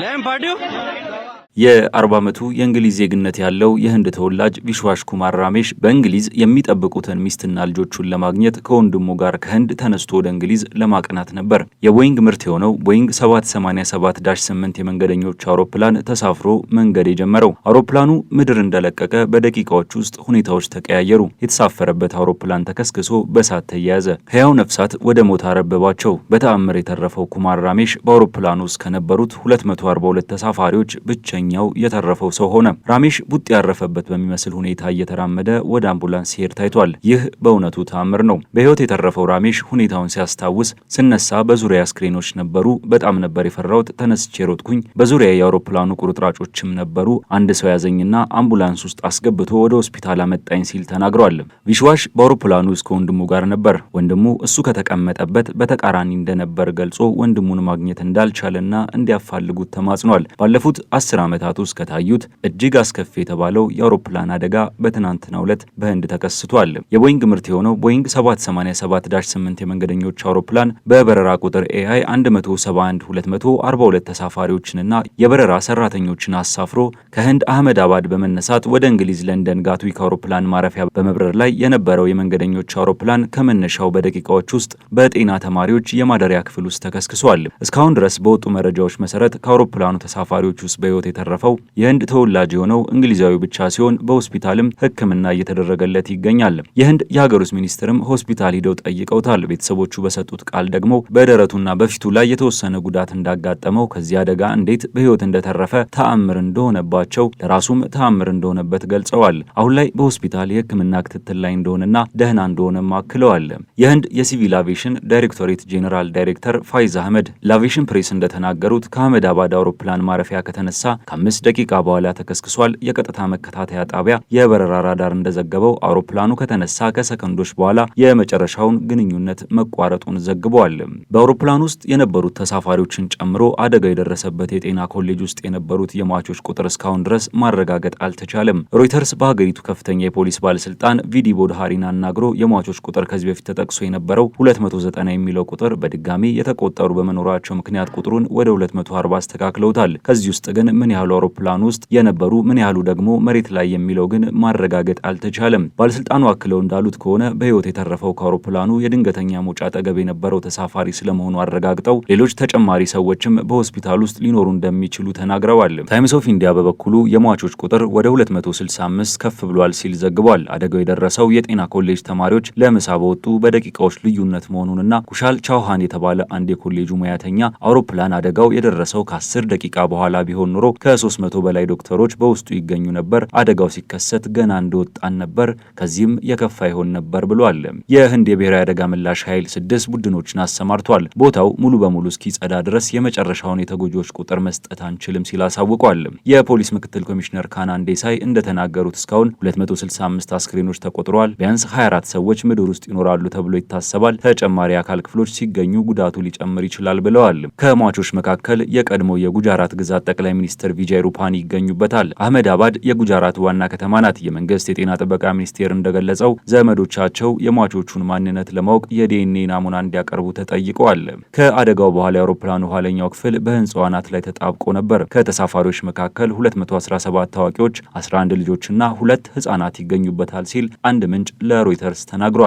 લેમ્પ ફાટ્યું የ40 ዓመቱ የእንግሊዝ ዜግነት ያለው የህንድ ተወላጅ ቪሽዋሽ ኩማር ራሜሽ በእንግሊዝ የሚጠብቁትን ሚስትና ልጆቹን ለማግኘት ከወንድሙ ጋር ከህንድ ተነስቶ ወደ እንግሊዝ ለማቅናት ነበር። የቦይንግ ምርት የሆነው ቦይንግ 787-8 የመንገደኞች አውሮፕላን ተሳፍሮ መንገድ የጀመረው አውሮፕላኑ ምድር እንደለቀቀ በደቂቃዎች ውስጥ ሁኔታዎች ተቀያየሩ። የተሳፈረበት አውሮፕላን ተከስክሶ በእሳት ተያያዘ። ሕያው ነፍሳት ወደ ሞት አረበባቸው። በተአምር የተረፈው ኩማር ራሜሽ በአውሮፕላኑ ውስጥ ከነበሩት 242 ተሳፋሪዎች ብቸኛ ሌላኛው የተረፈው ሰው ሆነ። ራሜሽ ቡጥ ያረፈበት በሚመስል ሁኔታ እየተራመደ ወደ አምቡላንስ ሲሄድ ታይቷል። ይህ በእውነቱ ተአምር ነው። በህይወት የተረፈው ራሜሽ ሁኔታውን ሲያስታውስ ስነሳ በዙሪያ አስክሬኖች ነበሩ። በጣም ነበር የፈራሁት። ተነስቼ ሮጥኩኝ። በዙሪያ የአውሮፕላኑ ቁርጥራጮችም ነበሩ። አንድ ሰው ያዘኝና አምቡላንስ ውስጥ አስገብቶ ወደ ሆስፒታል አመጣኝ ሲል ተናግሯል። ቪሽዋሽ በአውሮፕላኑ እስከ ወንድሙ ጋር ነበር። ወንድሙ እሱ ከተቀመጠበት በተቃራኒ እንደነበር ገልጾ ወንድሙን ማግኘት እንዳልቻለና እንዲያፋልጉት ተማጽኗል። ባለፉት አስር ዓመታት ውስጥ ከታዩት እጅግ አስከፊ የተባለው የአውሮፕላን አደጋ በትናንትናው ዕለት በህንድ ተከስቷል። የቦይንግ ምርት የሆነው ቦይንግ 787-8 የመንገደኞች አውሮፕላን በበረራ ቁጥር ኤአይ 111242 ተሳፋሪዎችንና የበረራ ሰራተኞችን አሳፍሮ ከህንድ አህመድ አባድ በመነሳት ወደ እንግሊዝ ለንደን ጋትዊክ አውሮፕላን ማረፊያ በመብረር ላይ የነበረው የመንገደኞች አውሮፕላን ከመነሻው በደቂቃዎች ውስጥ በጤና ተማሪዎች የማደሪያ ክፍል ውስጥ ተከስክሷል። እስካሁን ድረስ በወጡ መረጃዎች መሰረት ከአውሮፕላኑ ተሳፋሪዎች ውስጥ በህይወት የተረፈው የህንድ ተወላጅ የሆነው እንግሊዛዊ ብቻ ሲሆን በሆስፒታልም ሕክምና እየተደረገለት ይገኛል። የህንድ የሀገር ውስጥ ሚኒስትርም ሆስፒታል ሂደው ጠይቀውታል። ቤተሰቦቹ በሰጡት ቃል ደግሞ በደረቱና በፊቱ ላይ የተወሰነ ጉዳት እንዳጋጠመው ከዚህ አደጋ እንዴት በህይወት እንደተረፈ ተአምር እንደሆነባቸው ለራሱም ተአምር እንደሆነበት ገልጸዋል። አሁን ላይ በሆስፒታል የህክምና ክትትል ላይ እንደሆነና ደህና እንደሆነም አክለዋል። የህንድ የሲቪል አቪሽን ዳይሬክቶሬት ጄኔራል ዳይሬክተር ፋይዝ አህመድ ለአቪሽን ፕሬስ እንደተናገሩት ከአህመድ አባድ አውሮፕላን ማረፊያ ከተነሳ ከአምስት ደቂቃ በኋላ ተከስክሷል። የቀጥታ መከታተያ ጣቢያ የበረራ ራዳር እንደዘገበው አውሮፕላኑ ከተነሳ ከሰከንዶች በኋላ የመጨረሻውን ግንኙነት መቋረጡን ዘግበዋል። በአውሮፕላኑ ውስጥ የነበሩት ተሳፋሪዎችን ጨምሮ አደጋ የደረሰበት የጤና ኮሌጅ ውስጥ የነበሩት የሟቾች ቁጥር እስካሁን ድረስ ማረጋገጥ አልተቻለም። ሮይተርስ በሀገሪቱ ከፍተኛ የፖሊስ ባለስልጣን ቪዲ ቦድሃሪን አናግሮ የሟቾች ቁጥር ከዚህ በፊት ተጠቅሶ የነበረው 290 የሚለው ቁጥር በድጋሚ የተቆጠሩ በመኖራቸው ምክንያት ቁጥሩን ወደ 240 አስተካክለውታል። ከዚህ ውስጥ ግን ምን ያህል ያህሉ አውሮፕላን ውስጥ የነበሩ ምን ያህሉ ደግሞ መሬት ላይ የሚለው ግን ማረጋገጥ አልተቻለም። ባለስልጣኑ አክለው እንዳሉት ከሆነ በህይወት የተረፈው ከአውሮፕላኑ የድንገተኛ መውጫ አጠገብ የነበረው ተሳፋሪ ስለመሆኑ አረጋግጠው ሌሎች ተጨማሪ ሰዎችም በሆስፒታል ውስጥ ሊኖሩ እንደሚችሉ ተናግረዋል። ታይምስ ኦፍ ኢንዲያ በበኩሉ የሟቾች ቁጥር ወደ 265 ከፍ ብሏል ሲል ዘግቧል። አደጋው የደረሰው የጤና ኮሌጅ ተማሪዎች ለምሳ በወጡ በደቂቃዎች ልዩነት መሆኑንና ኩሻል ቻውሃን የተባለ አንድ የኮሌጁ ሙያተኛ አውሮፕላን አደጋው የደረሰው ከ10 ደቂቃ በኋላ ቢሆን ኑሮ ከ ከሶስት መቶ በላይ ዶክተሮች በውስጡ ይገኙ ነበር። አደጋው ሲከሰት ገና እንደወጣን ነበር። ከዚህም የከፋ ይሆን ነበር ብሏል። የህንድ የብሔራዊ አደጋ ምላሽ ኃይል ስድስት ቡድኖችን አሰማርቷል። ቦታው ሙሉ በሙሉ እስኪጸዳ ድረስ የመጨረሻውን የተጎጂዎች ቁጥር መስጠት አንችልም ሲል አሳውቋል። የፖሊስ ምክትል ኮሚሽነር ካናን ዴሳይ እንደተናገሩት እስካሁን 265 አስክሬኖች ተቆጥረዋል። ቢያንስ 24 ሰዎች ምድር ውስጥ ይኖራሉ ተብሎ ይታሰባል። ተጨማሪ አካል ክፍሎች ሲገኙ ጉዳቱ ሊጨምር ይችላል ብለዋል። ከሟቾች መካከል የቀድሞ የጉጃራት ግዛት ጠቅላይ ሚኒስትር ቪጃይ ሩፓኒ ይገኙበታል። አህመድ አባድ የጉጃራት ዋና ከተማ ናት። የመንግስት የጤና ጥበቃ ሚኒስቴር እንደገለጸው ዘመዶቻቸው የሟቾቹን ማንነት ለማወቅ የዲኤንኤ ናሙና እንዲያቀርቡ ተጠይቀዋል። ከአደጋው በኋላ የአውሮፕላኑ ኋለኛው ክፍል በህንፃው አናት ላይ ተጣብቆ ነበር። ከተሳፋሪዎች መካከል 217 ታዋቂዎች፣ 11 ልጆችና ሁለት ህጻናት ይገኙበታል ሲል አንድ ምንጭ ለሮይተርስ ተናግሯል።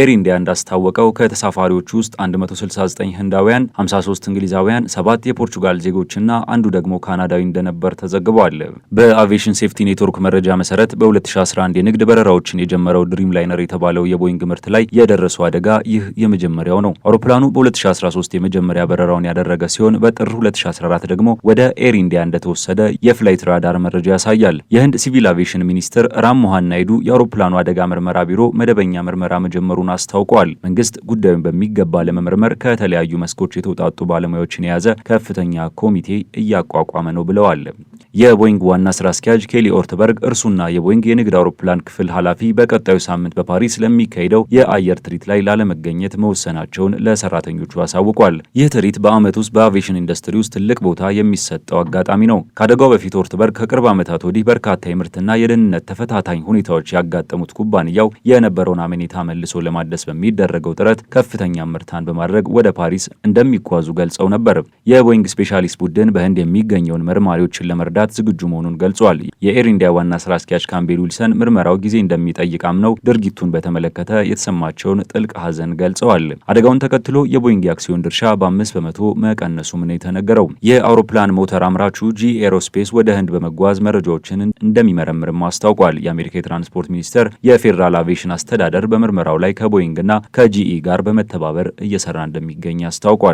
ኤር ኢንዲያ እንዳስታወቀው ከተሳፋሪዎቹ ውስጥ 169 ህንዳውያን፣ 53 እንግሊዛውያን፣ ሰባት የፖርቹጋል ዜጎችና አንዱ ደግሞ ካናዳዊ እንደነበ እንደነበር ተዘግቧል። በአቪዬሽን ሴፍቲ ኔትወርክ መረጃ መሰረት በ2011 የንግድ በረራዎችን የጀመረው ድሪም ላይነር የተባለው የቦይንግ ምርት ላይ የደረሰው አደጋ ይህ የመጀመሪያው ነው። አውሮፕላኑ በ2013 የመጀመሪያ በረራውን ያደረገ ሲሆን በጥር 2014 ደግሞ ወደ ኤር ኢንዲያ እንደተወሰደ የፍላይት ራዳር መረጃ ያሳያል። የህንድ ሲቪል አቪዬሽን ሚኒስትር ራም ሞሃን ናይዱ የአውሮፕላኑ አደጋ ምርመራ ቢሮ መደበኛ ምርመራ መጀመሩን አስታውቀዋል። መንግስት ጉዳዩን በሚገባ ለመመርመር ከተለያዩ መስኮች የተውጣጡ ባለሙያዎችን የያዘ ከፍተኛ ኮሚቴ እያቋቋመ ነው ብለዋል። የቦይንግ ዋና ስራ አስኪያጅ ኬሊ ኦርትበርግ እርሱና የቦይንግ የንግድ አውሮፕላን ክፍል ኃላፊ በቀጣዩ ሳምንት በፓሪስ ለሚካሄደው የአየር ትርኢት ላይ ላለመገኘት መወሰናቸውን ለሰራተኞቹ አሳውቋል። ይህ ትርኢት በዓመት ውስጥ በአቪዬሽን ኢንዱስትሪ ውስጥ ትልቅ ቦታ የሚሰጠው አጋጣሚ ነው። ከአደጋው በፊት ኦርትበርግ ከቅርብ ዓመታት ወዲህ በርካታ የምርትና የደህንነት ተፈታታኝ ሁኔታዎች ያጋጠሙት ኩባንያው የነበረውን አመኔታ መልሶ ለማደስ በሚደረገው ጥረት ከፍተኛ ምርታን በማድረግ ወደ ፓሪስ እንደሚጓዙ ገልጸው ነበር። የቦይንግ ስፔሻሊስት ቡድን በህንድ የሚገኘውን መርማሪዎችን ለመርዳት ለመርዳት ዝግጁ መሆኑን ገልጿል። የኤር ኢንዲያ ዋና ስራ አስኪያጅ ካምቤል ዊልሰን ምርመራው ጊዜ እንደሚጠይቅ አምነው ድርጊቱን በተመለከተ የተሰማቸውን ጥልቅ ሐዘን ገልጸዋል። አደጋውን ተከትሎ የቦይንግ አክሲዮን ድርሻ በአምስት በመቶ መቀነሱም ነው የተነገረው። የአውሮፕላን ሞተር አምራቹ ጂ ኤሮስፔስ ወደ ህንድ በመጓዝ መረጃዎችን እንደሚመረምርም አስታውቋል። የአሜሪካ የትራንስፖርት ሚኒስቴር የፌዴራል አቪዬሽን አስተዳደር በምርመራው ላይ ከቦይንግና ከጂኢ ጋር በመተባበር እየሰራ እንደሚገኝ አስታውቋል።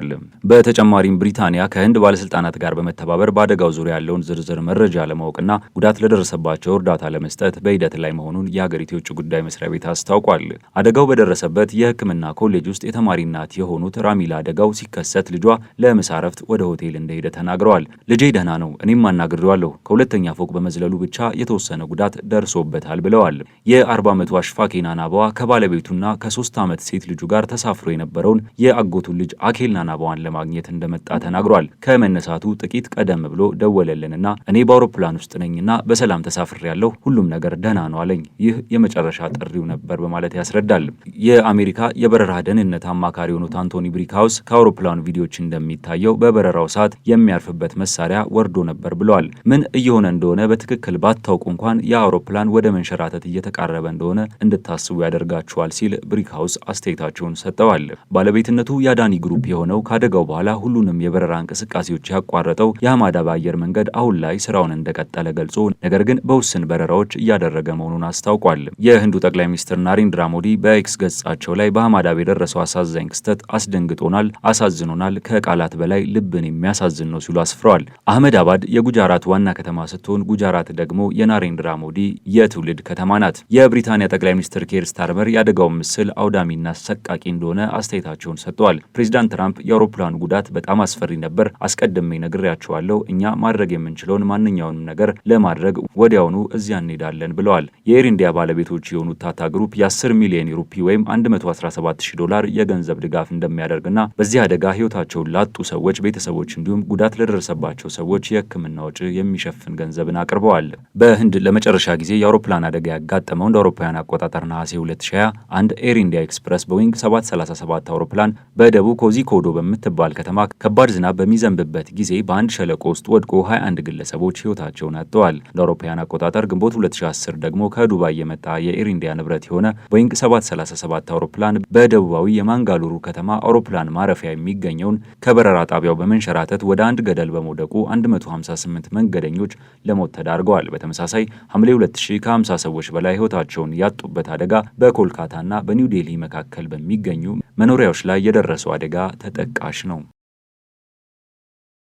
በተጨማሪም ብሪታንያ ከህንድ ባለስልጣናት ጋር በመተባበር በአደጋው ዙሪያ ያለውን ዝርዝር ዝርዝር መረጃ ለማወቅና ጉዳት ለደረሰባቸው እርዳታ ለመስጠት በሂደት ላይ መሆኑን የሀገሪቱ የውጭ ጉዳይ መስሪያ ቤት አስታውቋል። አደጋው በደረሰበት የሕክምና ኮሌጅ ውስጥ የተማሪ እናት የሆኑት ራሚላ አደጋው ሲከሰት ልጇ ለምሳ እረፍት ወደ ሆቴል እንደሄደ ተናግረዋል። ልጄ ደህና ነው፣ እኔም አናግሬዋለሁ። ከሁለተኛ ፎቅ በመዝለሉ ብቻ የተወሰነ ጉዳት ደርሶበታል ብለዋል። የ40 ዓመቱ አሽፋኬና ናባዋ ከባለቤቱና ከሶስት ዓመት ሴት ልጁ ጋር ተሳፍሮ የነበረውን የአጎቱን ልጅ አኬልና ናባዋን ለማግኘት እንደመጣ ተናግሯል። ከመነሳቱ ጥቂት ቀደም ብሎ ደወለልንና እኔ በአውሮፕላን ውስጥ ነኝና በሰላም ተሳፍሬ ያለው ሁሉም ነገር ደህና ነው አለኝ። ይህ የመጨረሻ ጥሪው ነበር በማለት ያስረዳል። የአሜሪካ የበረራ ደህንነት አማካሪ የሆኑት አንቶኒ ብሪክሃውስ ከአውሮፕላኑ ቪዲዮዎች እንደሚታየው በበረራው ሰዓት የሚያርፍበት መሳሪያ ወርዶ ነበር ብለዋል። ምን እየሆነ እንደሆነ በትክክል ባታውቁ እንኳን የአውሮፕላን ወደ መንሸራተት እየተቃረበ እንደሆነ እንድታስቡ ያደርጋችኋል ሲል ብሪክሃውስ አስተያየታቸውን ሰጠዋል። ባለቤትነቱ የአዳኒ ግሩፕ የሆነው ከአደጋው በኋላ ሁሉንም የበረራ እንቅስቃሴዎች ያቋረጠው የአማዳ በአየር መንገድ አሁን ላይ ስራውን እንደቀጠለ ገልጾ ነገር ግን በውስን በረራዎች እያደረገ መሆኑን አስታውቋል። የህንዱ ጠቅላይ ሚኒስትር ናሬንድራ ሞዲ በኤክስ ገጻቸው ላይ በአህመዳብ የደረሰው አሳዛኝ ክስተት አስደንግጦናል፣ አሳዝኖናል፣ ከቃላት በላይ ልብን የሚያሳዝን ነው ሲሉ አስፍረዋል። አህመዳባድ የጉጃራት ዋና ከተማ ስትሆን ጉጃራት ደግሞ የናሬንድራ ሞዲ የትውልድ ከተማ ናት። የብሪታንያ ጠቅላይ ሚኒስትር ኬር ስታርመር ያደጋውን ምስል አውዳሚና አሰቃቂ እንደሆነ አስተያየታቸውን ሰጥተዋል። ፕሬዚዳንት ትራምፕ የአውሮፕላኑ ጉዳት በጣም አስፈሪ ነበር፣ አስቀድሜ ነግሬያቸዋለሁ። እኛ ማድረግ የምንችለውን ማንኛውንም ነገር ለማድረግ ወዲያውኑ እዚያ እንሄዳለን ብለዋል። የኤር ኢንዲያ ባለቤቶች የሆኑት ታታ ግሩፕ የ10 ሚሊዮን ሩፒ ወይም 1170 ዶላር የገንዘብ ድጋፍ እንደሚያደርግና በዚህ አደጋ ህይወታቸውን ላጡ ሰዎች ቤተሰቦች፣ እንዲሁም ጉዳት ለደረሰባቸው ሰዎች የህክምና ወጪ የሚሸፍን ገንዘብን አቅርበዋል። በህንድ ለመጨረሻ ጊዜ የአውሮፕላን አደጋ ያጋጠመው እንደ አውሮፓውያን አቆጣጠር ነሐሴ 2020 አንድ ኤር ኢንዲያ ኤክስፕረስ በዊንግ 737 አውሮፕላን በደቡብ ኮዚኮዶ በምትባል ከተማ ከባድ ዝናብ በሚዘንብበት ጊዜ በአንድ ሸለቆ ውስጥ ወድቆ 21 ግለሰቦች ግለሰቦች ህይወታቸውን አጥተዋል። እንደ አውሮፓውያን አቆጣጠር ግንቦት 2010 ደግሞ ከዱባይ የመጣ የኤር ኢንዲያ ንብረት የሆነ ቦይንግ 737 አውሮፕላን በደቡባዊ የማንጋሉሩ ከተማ አውሮፕላን ማረፊያ የሚገኘውን ከበረራ ጣቢያው በመንሸራተት ወደ አንድ ገደል በመውደቁ 158 መንገደኞች ለሞት ተዳርገዋል። በተመሳሳይ ሐምሌ 2000 ከ50 ሰዎች በላይ ህይወታቸውን ያጡበት አደጋ በኮልካታና በኒው ዴልሂ መካከል በሚገኙ መኖሪያዎች ላይ የደረሰው አደጋ ተጠቃሽ ነው።